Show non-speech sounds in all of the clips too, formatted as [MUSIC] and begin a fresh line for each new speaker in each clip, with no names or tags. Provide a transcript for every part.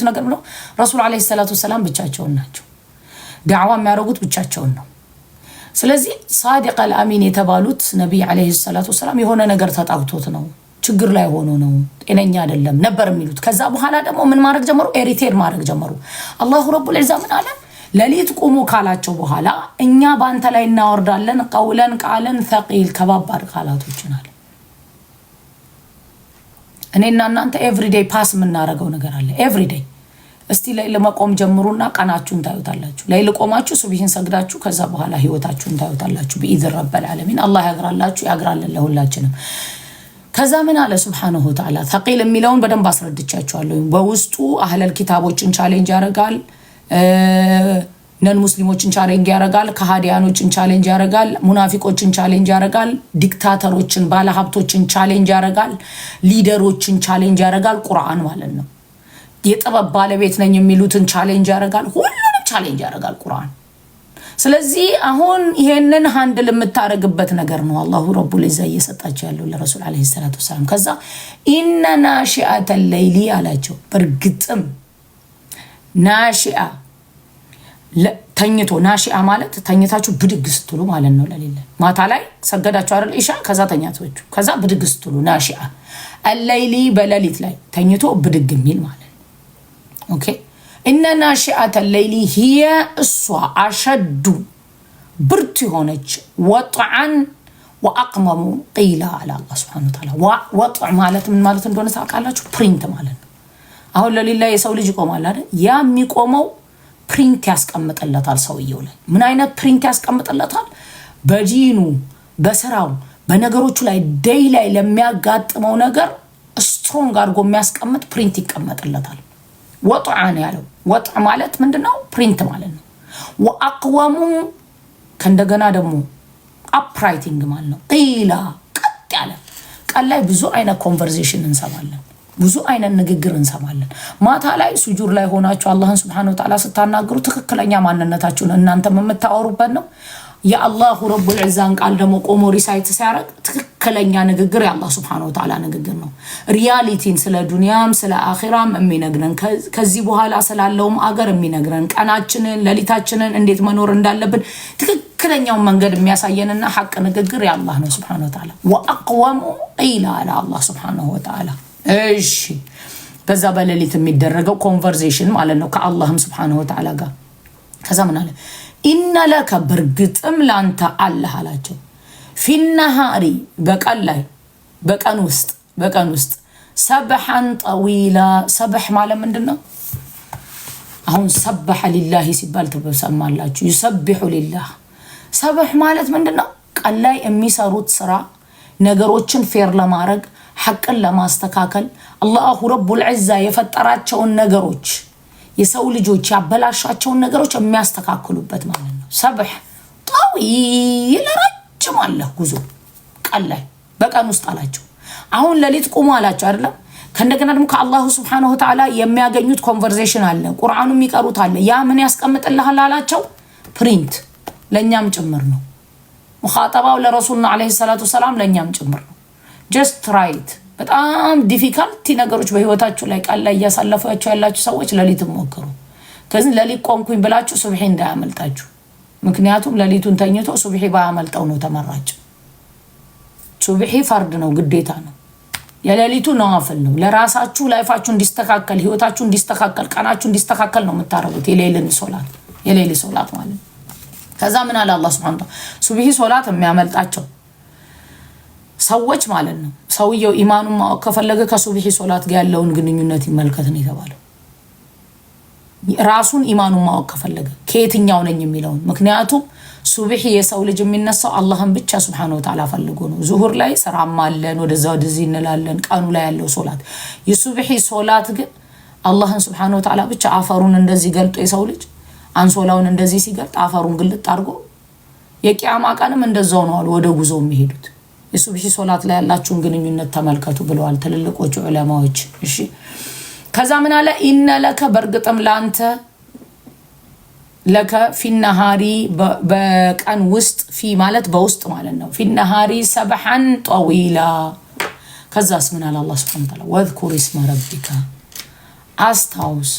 የሚሉት ነገር ብሎ ረሱል ዓለይሂ ሰላቱ ወሰላም ብቻቸውን ናቸው። ዳዕዋ የሚያደርጉት ብቻቸውን ነው። ስለዚህ ሳዲቅ አልአሚን የተባሉት ነቢይ ዓለይሂ ሰላቱ ወሰላም የሆነ ነገር ተጣብቶት ነው፣ ችግር ላይ ሆኖ ነው፣ ጤነኛ አይደለም ነበር የሚሉት። ከዛ በኋላ ደግሞ ምን ማድረግ ጀመሩ? ኤሪቴር ማድረግ ጀመሩ። አላሁ ረቡል ዒዛ ምን አለ? ሌሊት ቁሙ ካላቸው በኋላ እኛ በአንተ ላይ እናወርዳለን ቀውለን ቃለን ተቂል ከባባድ ቃላቶችን አለ። እኔና እናንተ ኤቭሪዴይ ፓስ የምናደርገው ነገር አለ ኤቭሪዴይ እስቲ ለይል መቆም ጀምሩና ቀናችሁን ታዩታላችሁ። ለይል ቆማችሁ ሱብሂን ሰግዳችሁ ከዛ በኋላ ህይወታችሁን ታዩታላችሁ። ብኢዝን ረበል ዓለሚን አላህ ያግራላችሁ ያግራለን ለሁላችንም። ከዛ ምን አለ ስብሓነሁ ወተዓላ ተቂል የሚለውን በደንብ አስረድቻችኋለሁ። በውስጡ አህለል ኪታቦችን ቻሌንጅ ያደርጋል። ነን ሙስሊሞችን ቻሌንጅ ያደርጋል። ከሃዲያኖችን ቻሌንጅ ያደርጋል። ሙናፊቆችን ቻሌንጅ ያደርጋል። ዲክታተሮችን፣ ባለሀብቶችን ቻሌንጅ ያደርጋል። ሊደሮችን ቻሌንጅ ያደርጋል። ቁርአን ማለት ነው። የጥበብ ባለቤት ነኝ የሚሉትን ቻሌንጅ ያደርጋል። ሁሉንም ቻሌንጅ ያደርጋል ቁርአን። ስለዚህ አሁን ይሄንን ሀንድል የምታደርግበት ነገር ነው አላሁ ረቡል ዒዛ እየሰጣቸው ያለው ለረሱል ዓለይሂ ሰላቱ ወሰላም። ከዛ ኢነ ናሺአተ ለይሊ አላቸው። በእርግጥም ናሺአ ተኝቶ ናሺአ ማለት ተኝታችሁ ብድግ ስትሉ ማለት ነው። ለሌለ ማታ ላይ ሰገዳችሁ አይደል ኢሻ፣ ከዛ ተኛቶቹ፣ ከዛ ብድግ ስትሉ ናሺአ አለይሊ በሌሊት ላይ ተኝቶ ብድግ የሚል ማለት ኦኬ እነ ናሽአተ ሌይሊ ሂየ እሷ አሸዱ ብርቱ የሆነች ወጥዓን ወአቅመሙ ቂላ አለ አላ ሱብሓነሁ ወተዓላ። ወጥዕ ማለት ምን ማለት እንደሆነ ታውቃላችሁ? ፕሪንት ማለት ነው። አሁን ለሌላ የሰው ልጅ ይቆማል አይደል? ያ የሚቆመው ፕሪንት ያስቀምጥለታል። ሰውየው ላይ ምን አይነት ፕሪንት ያስቀምጥለታል? በዲኑ በስራው በነገሮቹ ላይ ደይ ላይ ለሚያጋጥመው ነገር ስትሮንግ አድርጎ የሚያስቀምጥ ፕሪንት ይቀመጥለታል። ወጥዓ ነው ያለው። ወጥዕ ማለት ምንድነው? ፕሪንት ማለት ነው። ወአቅወሙ ከእንደገና ደግሞ አፕራይቲንግ ማለት ነው። ቂላ ቀጥ ያለ ቀን ላይ ብዙ አይነት ኮንቨርዜሽን እንሰማለን፣ ብዙ አይነት ንግግር እንሰማለን። ማታ ላይ ሱጁር ላይ ሆናችሁ አላህን ስብሐነሁ ወተዓላ ስታናግሩ ትክክለኛ ማንነታችሁን እናንተም የምታወሩበት ነው። የአላሁ ረቡል ቃል ደግሞ ቆሞ ሪሳይት ሲያደርግ ትክክለኛ ንግግር የአላህ ስብሐነ ወተዓላ ንግግር ነው። ሪያሊቲን ስለ ዱንያም ስለ አኺራም የሚነግረን ከዚህ በኋላ ስላለውም አገር የሚነግረን ቀናችንን፣ ሌሊታችንን እንዴት መኖር እንዳለብን ትክክለኛውን መንገድ የሚያሳየንና ሐቅ ንግግር የአላህ ነው ስብሐነ ወተዓላ። ወአቅወሙ ኢላ አለ አላህ ስብሐነሁ ወተዓላ። እሺ በዛ በሌሊት የሚደረገው ኮንቨርዜሽን ማለት ነው ከአላህም ስብሐነሁ ወተዓላ ጋር ከዛ ምን አለ ኢነ ለከ በርግጥም ለአንተ አለህ አላቸው ፊነሃሪ በቀን ላይ በቀን ውስጥ በቀን ውስጥ ሰብሐን ጠዊላ ሰብሕ ማለት ምንድን ነው? አሁን ሰበሐ ሊላሂ ሲባል ትሰማላችሁ። ዩሰቢሑ ሊላህ ሰብሕ ማለት ምንድን ነው? ቀን ላይ የሚሰሩት ስራ ነገሮችን ፌር ለማድረግ ሐቅን ለማስተካከል አላሁ ረቡል ዒዛ የፈጠራቸውን ነገሮች የሰው ልጆች ያበላሻቸውን ነገሮች የሚያስተካክሉበት ማለት ነው። ሰብሕ ጠዊል ረጅም አለ ጉዞ ቀን ላይ በቀን ውስጥ አላቸው። አሁን ሌሊት ቁሙ አላቸው አይደለም። ከእንደገና ደግሞ ከአላሁ ስብሓነሁ ተዓላ የሚያገኙት ኮንቨርዜሽን አለ፣ ቁርአኑ የሚቀሩት አለ። ያ ምን ያስቀምጥልሃል አላቸው? ፕሪንት ለእኛም ጭምር ነው። ሙኻጠባው ለረሱልና ዓለይሂ ሰላቱ ሰላም ለእኛም ጭምር ነው። ጀስት ራይት በጣም ዲፊካልቲ ነገሮች በህይወታችሁ ላይ ቃል ላይ እያሳለፋችሁ ያላችሁ ሰዎች ሌሊት ሞክሩ። ከዚህ ሌሊት ቆምኩኝ ብላችሁ ሱብሒ እንዳያመልጣችሁ። ምክንያቱም ሌሊቱን ተኝቶ ሱብሒ ባያመልጠው ነው ተመራጭ። ሱብሒ ፈርድ ነው፣ ግዴታ ነው። የሌሊቱ ነዋፍል ነው። ለራሳችሁ ላይፋችሁ እንዲስተካከል፣ ህይወታችሁ እንዲስተካከል፣ ቀናችሁ እንዲስተካከል ነው የምታረጉት። የሌልን ሶላት የሌሊ ሶላት ማለት ነው። ከዛ ምን አለ አላህ ስብሐነ ወተዓላ ሱብሒ ሶላት የሚያመልጣቸው ሰዎች ማለት ነው። ሰውየው ኢማኑን ማወቅ ከፈለገ ከሱብሒ ሶላት ጋር ያለውን ግንኙነት ይመልከት ነው የተባለው። ራሱን ኢማኑን ማወቅ ከፈለገ ከየትኛው ነኝ የሚለውን ምክንያቱም ሱብሒ የሰው ልጅ የሚነሳው አላህን ብቻ ስብሓነ ወተዓላ ፈልጎ ነው። ዙሁር ላይ ስራም አለን፣ ወደዛ ወደዚህ እንላለን። ቀኑ ላይ ያለው ሶላት የሱብሒ ሶላት ግን አላህን ስብሓነ ወተዓላ ብቻ አፈሩን እንደዚህ ገልጦ የሰው ልጅ አንሶላውን እንደዚህ ሲገልጥ አፈሩን ግልጥ አድርጎ የቅያማ ቀንም እንደዛው ነው አሉ። ወደ ጉዞ የሚሄዱት የሱብሒ ሶላት ላይ ያላችሁን ግንኙነት ተመልከቱ ብለዋል ትልልቆቹ ዑለማዎች። እሺ ከዛ ምን አለ ኢነ ለከ በእርግጥም ለአንተ ለከ ፊነሃሪ በቀን ውስጥ ፊ ማለት በውስጥ ማለት ነው። ፊነሃሪ ሰብሐን ጠዊላ ከዛስ ምን አለ አላህ ስብሐነ ወተዓላ ወዝኩር ስመ ረቢካ አስታውስ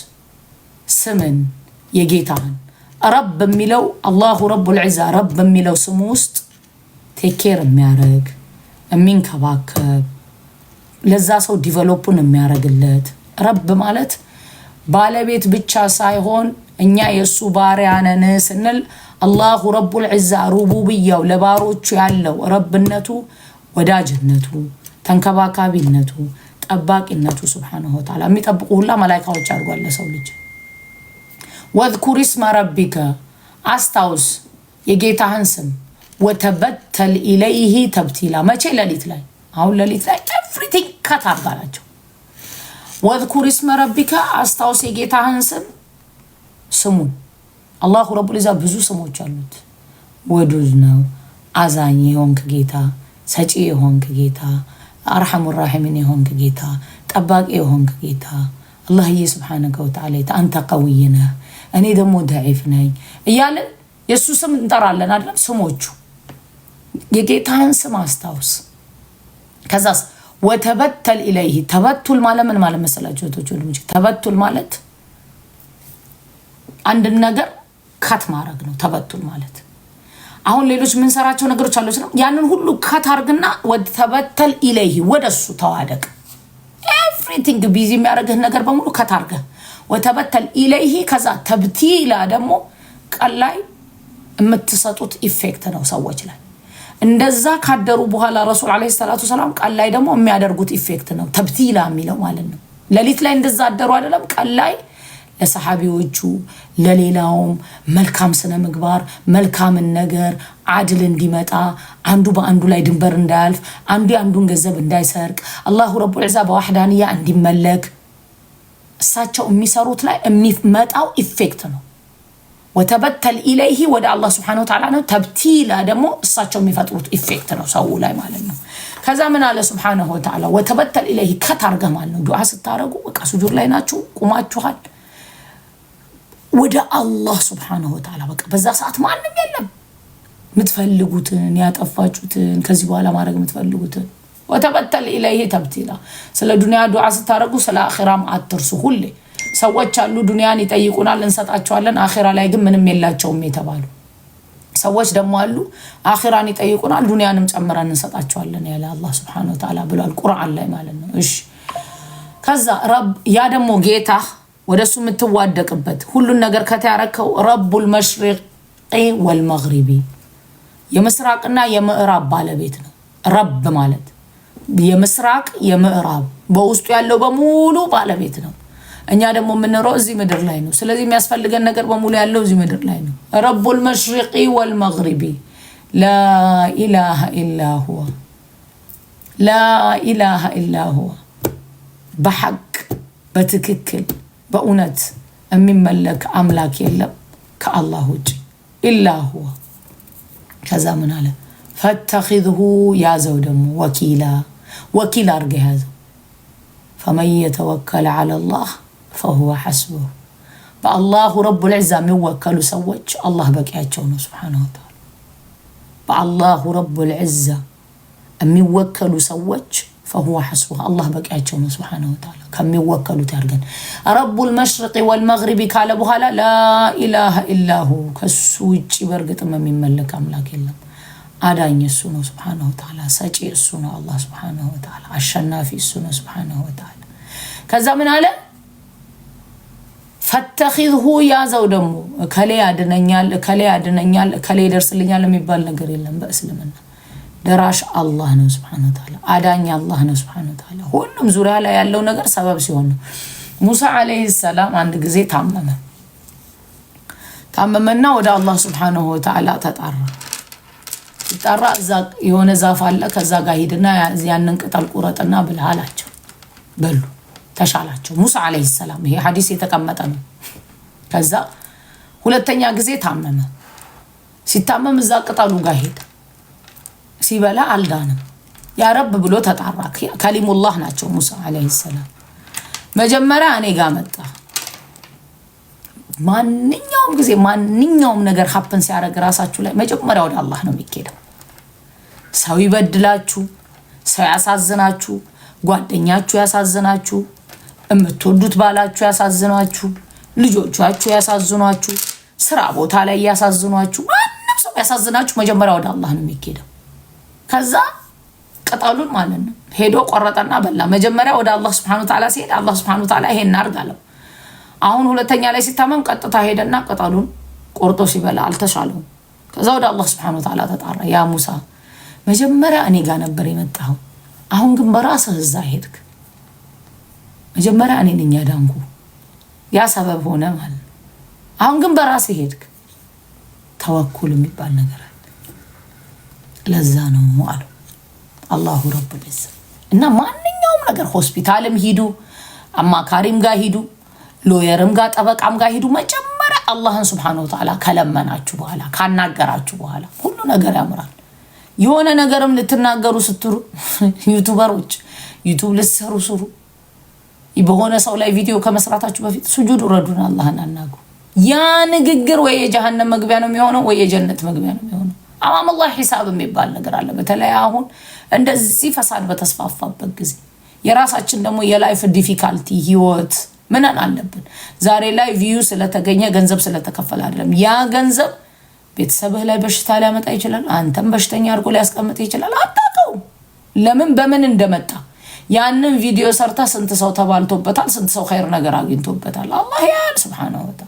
ስምን የጌታህን ረብ የሚለው አላሁ ረቡል ዒዛ ረብ የሚለው ስሙ ውስጥ ቴኬር የሚያደርግ የሚንከባከብ ለዛ ሰው ዲቨሎፑን የሚያደርግለት ረብ ማለት ባለቤት ብቻ ሳይሆን እኛ የእሱ ባሪያ ነን ስንል አላሁ ረቡል ዒዛ ሩቡብያው ለባሮቹ ያለው ረብነቱ፣ ወዳጅነቱ፣ ተንከባካቢነቱ፣ ጠባቂነቱ ስብሓነሁ ወተዓላ የሚጠብቁ ሁላ መላይካዎች አድርጓል ለሰው ልጅ። ወዝኩር ስመ ረቢከ አስታውስ የጌታህን ስም ወተበተል ኢለይህ ተብቲላ መቼ ሌሊት ላይ አሁን ሌሊት ላይ ኤቭሪቲንግ ከታባላቸው ወዝኩር ስመ ረቢከ አስታውስ የጌታህን ስም ስሙን። አላሁ ረቡልዛ ብዙ ስሞች አሉት። ወዱዝ ነው፣ አዛኝ የሆንክ ጌታ፣ ሰጪ የሆንክ ጌታ፣ አርሐሙ ራሒምን የሆንክ ጌታ፣ ጠባቂ የሆንክ ጌታ አላህዬ ስብሓነከ ወተዓላ አንተ ቀውይ ነህ፣ እኔ ደግሞ ደዒፍ ነኝ እያለን የእሱ ስም እንጠራለን አይደለም። ስሞቹ የጌታህን ስም አስታውስ ከዛስ ወተበተል ኢለይህ ተበቱል ማለት ምን ማለት መሰላችሁ? እህቶች ወንድሞች፣ ተበቱል ማለት አንድን ነገር ካት ማድረግ ነው። ተበቱል ማለት አሁን ሌሎች የምንሰራቸው ነገሮች አሉ ነው። ያንን ሁሉ ካት አርግና ወተበተል ኢለይህ ወደሱ ተዋደቅ። ኤቭሪቲንግ ቢዚ የሚያደርግህን ነገር በሙሉ ካት አርገህ ወተበተል ኢለይህ። ከዛ ተብቲላ ደግሞ ቀን ላይ የምትሰጡት ኢፌክት ነው ሰዎች ላይ እንደዛ ካደሩ በኋላ ረሱል ዓለይሂ ሰላቱ ሰላም ቀን ላይ ደግሞ የሚያደርጉት ኢፌክት ነው ተብቲላ የሚለው ማለት ነው። ሌሊት ላይ እንደዛ አደሩ አይደለም፣ ቀን ላይ ለሰሓቢዎቹ ለሌላውም መልካም ስነ ምግባር መልካምን ነገር አድል እንዲመጣ አንዱ በአንዱ ላይ ድንበር እንዳያልፍ፣ አንዱ የአንዱን ገንዘብ እንዳይሰርቅ፣ አላሁ ረቡ ዒዛ በዋሕዳንያ እንዲመለክ እሳቸው የሚሰሩት ላይ የሚመጣው ኢፌክት ነው። ወተበተል ኢለይህ ወደ አላህ ስብሐነሁ ወተዓላ ነው። ተብቲላ ደግሞ እሳቸው የሚፈጥሩት ኢፌክት ነው ሰው ላይ ማለት ነው። ከዛ ምን አለ ስብሐነሁ ወተዓላ ወተበተል ኢለይህ ከታርገማል ነው። ዱዓ ስታረጉ በቃ ሱጁድ ላይ ናችሁ ቁማችኋል፣ ወደ አላህ ስብሐነሁ ወተዓላ በቃ በዛ ሰዓት ማንም የለም የምትፈልጉትን ያጠፋችሁትን ከዚህ በኋላ ማድረግ የምትፈልጉትን ወተበተል ኢለይህ ተብቲላ። ስለ ዱንያ ዱዓ ስታረጉ ስለ አኺራም አትርሱ ሁሌ ሰዎች አሉ፣ ዱንያን ይጠይቁናል፣ እንሰጣቸዋለን። አኼራ ላይ ግን ምንም የላቸውም የተባሉ ሰዎች ደግሞ አሉ፣ አኼራን ይጠይቁናል፣ ዱንያንም ጨምረን እንሰጣቸዋለን ያለ አላህ ሱብሓነሁ ወተዓላ ብሏል፣ ቁርአን ላይ ማለት ነው። እሺ ከዛ ያ ደግሞ ጌታ ወደ እሱ የምትዋደቅበት ሁሉን ነገር ከተያረከው ረቡል መሽሪቂ ወልመግሪቢ የምስራቅና የምዕራብ ባለቤት ነው። ረብ ማለት የምስራቅ የምዕራብ በውስጡ ያለው በሙሉ ባለቤት ነው። እኛ ደግሞ የምንኖረው እዚህ ምድር ላይ ነው። ስለዚህ የሚያስፈልገን ነገር በሙሉ ያለው እዚህ ምድር ላይ ነው። ረቡል መሽሪቂ ወልመግሪቢ ላኢላሃ ኢላ ሁወ ላኢላሃ ኢላ ሁወ በሐቅ በትክክል በእውነት የሚመለክ አምላክ የለም ከአላህ ውጭ ኢላ ሁወ። ከዛ ምን አለ? ፈተኪዝሁ ያዘው ደግሞ ወኪላ ወኪል አድርገ ያዘው ፈመን የተወከለ ዐለላህ ፈሁወ ሐስቡህ። በአላሁ ረቡል ዒዛ የሚወከሉ ሰዎች አላህ በቂያቸው ነው። ሱብሓነሁ ወተዓላ በአላሁ ረቡል ዒዛ የሚወከሉ ሰዎች ፈሁወ ሐስቡህ፣ አላህ በቂያቸው ነው። ሱብሓነሁ ወተዓላ ከሚወከሉት ያድርገን። ረቡል መሽሪቂ ወልመግሪቢ ካለ በኋላ ላኢላሃ ኢላሁ ከሱ ውጭ በእርግጥም የሚመለክ አምላክ የለም። አዳኝ እሱ ነው ሱብሓነሁ ወተዓላ። ሰጪ እሱ ነው አላህ ሱብሓነሁ ወተዓላ። አሸናፊ እሱ ነው ሱብሓነሁ ወተዓላ። ከዛ ምን አለ ፈተኺዝሁ ያዘው ደግሞ እከሌ ያድነኛል፣ እከሌ ያድነኛል፣ እከሌ ይደርስልኛል የሚባል ነገር የለም በእስልምና። ደራሽ አላህ ነው ስብሓነ ወተዓላ፣ አዳኝ አላህ ነው ስብሓነ ወተዓላ። ሁሉም ዙሪያ ላይ ያለው ነገር ሰበብ ሲሆን ነው። ሙሳ ዓለይሂ ሰላም አንድ ጊዜ ታመመ። ታመመና ወደ አላህ ስብሓነሁ ወተዓላ ተጣራ። ሲጣራ እዛ የሆነ ዛፍ አለ፣ ከዛ ጋር ሂድና ያንን ቅጠል ቁረጥና ብልህ አላቸው። በሉ ተሻላቸው። ሙሳ ዓለይሂ ሰላም ይሄ ሀዲስ የተቀመጠ ነው። ከዛ ሁለተኛ ጊዜ ታመመ። ሲታመም እዛ ቅጠሉ ጋር ሄደ። ሲበላ አልዳንም። ያ ረብ ብሎ ተጣራ። ከሊሙላህ ናቸው ሙሳ ዓለይሂ ሰላም። መጀመሪያ እኔ ጋር መጣ። ማንኛውም ጊዜ ማንኛውም ነገር ሀፕን ሲያደርግ ራሳችሁ ላይ መጀመሪያ ወደ አላህ ነው የሚኬደው። ሰው ይበድላችሁ፣ ሰው ያሳዝናችሁ፣ ጓደኛችሁ ያሳዝናችሁ የምትወዱት ባላችሁ ያሳዝኗችሁ፣ ልጆቻችሁ ያሳዝኗችሁ፣ ስራ ቦታ ላይ ያሳዝኗችሁ፣ ማንም ሰው ያሳዝናችሁ። መጀመሪያ ወደ አላህ ነው የሚሄደው። ከዛ ቅጠሉን ማለት ነው ሄዶ ቆረጠና በላ። መጀመሪያ ወደ አላህ ስብሐኑ ተዓላ ሲሄድ አላህ ስብሐኑ ተዓላ ይሄን አርግ አለው። አሁን ሁለተኛ ላይ ሲታመም ቀጥታ ሄደና ቅጠሉን ቆርጦ ሲበላ አልተሻለውም። ከዛ ወደ አላህ ስብሐኑ ተዓላ ተጣራ። ያ ሙሳ መጀመሪያ እኔ ጋር ነበር የመጣው፣ አሁን ግን በራስህ እዛ ሄድክ መጀመሪያ እኔ ነኝ ያዳንኩ፣ ያ ሰበብ ሆነ ማለት ነው። አሁን ግን በራሴ ሄድክ። ተወኩል የሚባል ነገር አለ። ለዛ ነው አሉ አላሁ ረቡል ዒዛ። እና ማንኛውም ነገር ሆስፒታልም ሂዱ፣ አማካሪም ጋር ሂዱ፣ ሎየርም ጋር ጠበቃም ጋር ሂዱ። መጀመሪያ አላህን ስብሓነሁ ወተዓላ ከለመናችሁ በኋላ ካናገራችሁ በኋላ ሁሉ ነገር ያምራል። የሆነ ነገርም ልትናገሩ ስትሩ [LAUGHS] ዩቱበሮች ዩቱብ ልትሰሩ ስሩ በሆነ ሰው ላይ ቪዲዮ ከመስራታችሁ በፊት ሱጁድ ረዱን አላህን አናግሩ። ያ ንግግር ወይ የጀሃነም መግቢያ ነው የሚሆነው ወይ የጀነት መግቢያ ነው የሚሆነው። አማመላ ሂሳብ የሚባል ነገር አለ። በተለይ አሁን እንደዚህ ፈሳድ በተስፋፋበት ጊዜ የራሳችን ደግሞ የላይፍ ዲፊካልቲ ህይወት ምንን አለብን። ዛሬ ላይ ቪዩ ስለተገኘ ገንዘብ ስለተከፈለ አይደለም። ያ ገንዘብ ቤተሰብህ ላይ በሽታ ሊያመጣ ይችላል። አንተም በሽተኛ አድርጎ ሊያስቀምጥ ይችላል። አታውቀውም ለምን በምን እንደመጣ ያንን ቪዲዮ ሰርታ ስንት ሰው ተባልቶበታል፣ ስንት ሰው ኸይር ነገር አግኝቶበታል። አላህ ያል ስብሓነሁ ወተዓላ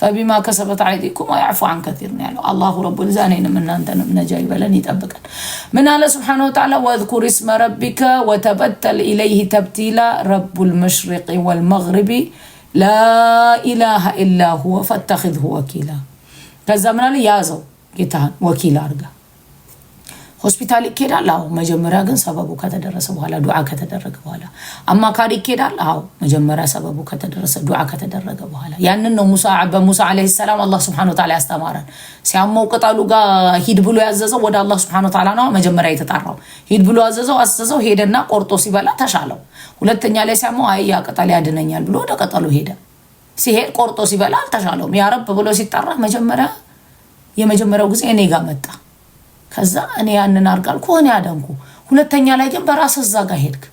ፈቢማ ከሰበት አይዲኩም ወያዕፉ አን ከቲር ነው ያለው። አላሁ ረቡል ኢዛ እኔንም እናንተንም ነጃ ይበለን ይጠብቀን። ምን አለ ስብሓነሁ ወተዓላ ወዝኩር ስመ ረቢከ ወተበተል ኢለይህ ተብቲላ ረቡል መሽሪቂ ወልመግሪቢ ላ ኢላሃ ኢላ ሁወ ፈተኺዝሁ ወኪላ። ከዛ ምን አለ ያዘው ጌታህን ወኪል አድርጋ ሆስፒታል ይኬዳል። አዎ መጀመሪያ ግን ሰበቡ ከተደረሰ በኋላ ዱዓ ከተደረገ በኋላ አማካሪ ይኬዳል። አዎ መጀመሪያ ሰበቡ ከተደረሰ ዱዓ ከተደረገ በኋላ ያንን ነው በሙሳ ዓለይሂ ሰላም አላህ ሱብሓነሁ ወተዓላ ያስተማረን። ሲያመው ቅጠሉ ጋር ሂድ ብሎ ያዘዘው ወደ አላህ ሱብሓነሁ ወተዓላ ነው መጀመሪያ የተጣራው። ሂድ ብሎ ያዘዘው አዘዘው፣ ሄደና ቆርጦ ሲበላ ተሻለው። ሁለተኛ ላይ ሲያመው አይ ያ ቅጠል ያድነኛል ብሎ ወደ ቅጠሉ ሄደ። ሲሄድ ቆርጦ ሲበላ አልተሻለውም። ያረብ ረብ ብሎ ሲጠራ መጀመሪያ የመጀመሪያው ጊዜ እኔ ጋር መጣ ከዛ እኔ ያንን አድርጋል ከሆነ ያደንኩ ሁለተኛ ላይ ግን በራስ እዛ ጋር ሄድክ።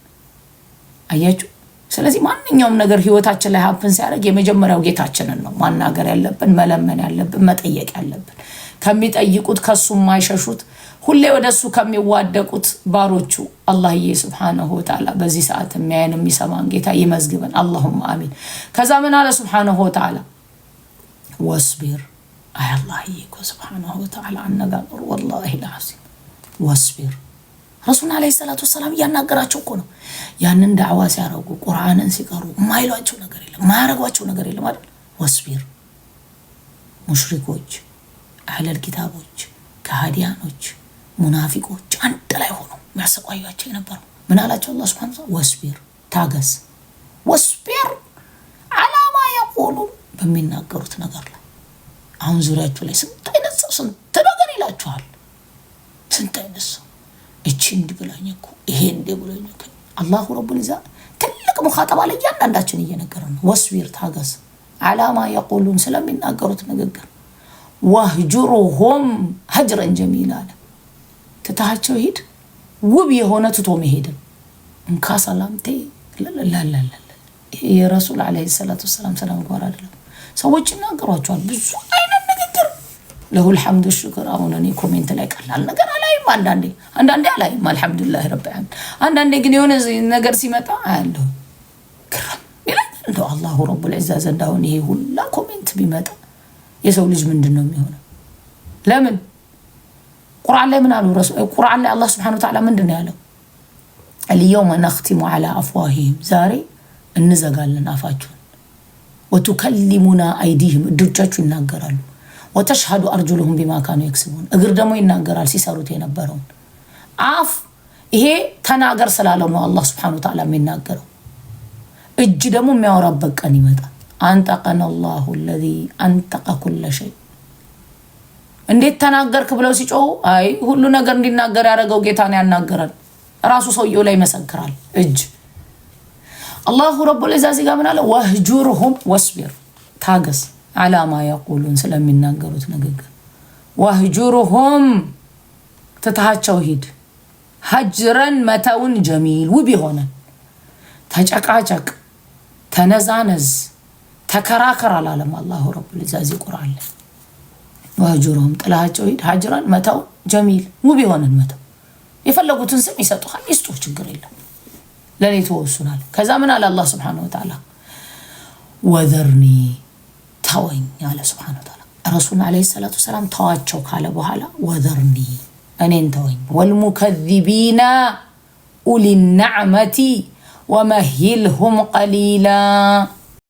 አያችሁ። ስለዚህ ማንኛውም ነገር ህይወታችን ላይ ሀፕን ሲያደርግ የመጀመሪያው ጌታችንን ነው ማናገር ያለብን፣ መለመን ያለብን፣ መጠየቅ ያለብን ከሚጠይቁት ከሱ የማይሸሹት ሁሌ ወደ እሱ ከሚዋደቁት ባሮቹ አላህዬ ስብሓነሁ ወተዓላ በዚህ ሰዓት የሚያየን የሚሰማን ጌታ ይመዝግበን። አላሁማ አሚን። ከዛ ምን አለ ስብሓነሁ ወተዓላ ወስቢር አይ አላህዬ እኮ ስብሓናሁ ወተዓላ አነጋገሩ ወላሂ ልዓዚም ወስቢር ረሱል ዓለይሂ ሰላቱ ወሰላም እያናገራቸው እኮ ነው። ያንን ዳዕዋ ሲያረጉ ቁርአንን ሲቀሩ ማይሏቸው ነገር የለም ማያረጓቸው ነገር የለም አይደል? ወስቢር ሙሽሪኮች፣ አህለል ኪታቦች፣ ከሃዲያኖች፣ ሙናፊቆች አንድ ላይ ሆነው የሚያሰቃያቸው የነበረው ምን አላቸው አላህ ሱብሓነሁ ወተዓላ ወስቢር ታገስ፣ ወስቢር አላማ የቆሉ በሚናገሩት ነገር ላይ አሁን ዙሪያችሁ ላይ ስንት አይነት ሰው ስንት ነገር ይላችኋል። ስንት አይነት ሰው እቺ እንዲህ ብላኝ እኮ ይሄ እንዲህ ብሎኝ እኮ አላሁ ረቡል ዛ ትልቅ ሙኻጠባ ላይ እያንዳንዳችን እየነገረ ነው። ወስቢር ታገስ፣ አላማ የቁሉን ስለሚናገሩት ንግግር ወህጅሩሁም ሀጅረን ጀሚል አለ ትታሃቸው ሂድ ውብ የሆነ ትቶ መሄድን እንካ ሰላምቴ ላለለ የረሱል ዓለይሂ ሰላቱ ወሰላም ስነ አይደለም። ሰዎች ይናገሯቸዋል ብዙ ለሁል ሐምዱ ሽክር። አሁን እኔ ኮሜንት ላይ ቀላል ነገር አላይም። አንዳንዴ አንዳንዴ አላይም። አልሐምዱሊላህ ረብ አንዳንዴ ግን የሆነ ነገር ሲመጣ አያለሁ ክረም ይላል። እንደው አላሁ ረቡል ዒዛ ዘንድ አሁን ይሄ ሁላ ኮሜንት ቢመጣ የሰው ልጅ ምንድን ነው የሚሆነው? ለምን ቁርአን ላይ ምን አሉ? ቁርአን ላይ አላህ ስብሐነሁ ወተዓላ ምንድን ነው ያለው? አልየውመ ነኽቲሙ ዐላ አፍዋሂሂም፣ ዛሬ እንዘጋለን አፋቸውን፣ ወቱከሊሙና አይዲህም፣ እጆቻችሁ ይናገራሉ ወተሽሃዱ አርጁልሁም ቢማ የክስቡን እግር ደግሞ ይናገራል ሲሰሩት የነበረውን። አፍ ይሄ ተናገር ስላለው ነው አላህ ስብሐነ ወተዓላ የሚናገረው። እጅ ደግሞ የሚያወራበት ቀን ይመጣል። አንጠቀነ ላሁ ለዚ አንጠቀ ኩለ ሸይ እንዴት ተናገርክ ብለው ሲጮሁ፣ አይ ሁሉ ነገር እንዲናገር ያደረገው ጌታ ነው ያናገረን። ራሱ ሰውየው ላይ ይመሰክራል። እጅ አላሁ ረቡል ዒዛ ዚጋ ምን አለ? ወህጁርሁም ወስቢር ታገስ አላማ ያቆሉን ስለሚናገሩት ንግግር ዋህጁርሁም ትትሃቸው ሂድ ሀጅረን መተውን ጀሚል ውብ የሆነ ተጨቃጨቅ፣ ተነዛነዝ፣ ተከራከር አላለም አላሁ ረቡል ዛ ቁርአን ላይ ዋህጁርሁም ሂድ ሀጅረን መተውን ጀሚል ውብ የሆነን መተው የፈለጉትን ስም ይሰጡሃል፣ ይስጡ፣ ችግር የለም ለእኔ ተወሱናል። ከዛ ምን አለ አላህ ስብሓነሁ ወተዓላ ወዘርኒ ተወኝ አለ ስብሓን ታላ። ረሱሉን ዓለይሂ ሰላቱ ሰላም ተዋቸው ካለ በኋላ ወዘርኒ እኔን ተወኝ፣ ወልሙከዚቢና ኡሊ ናዕመቲ ወመሂልሁም ቀሊላ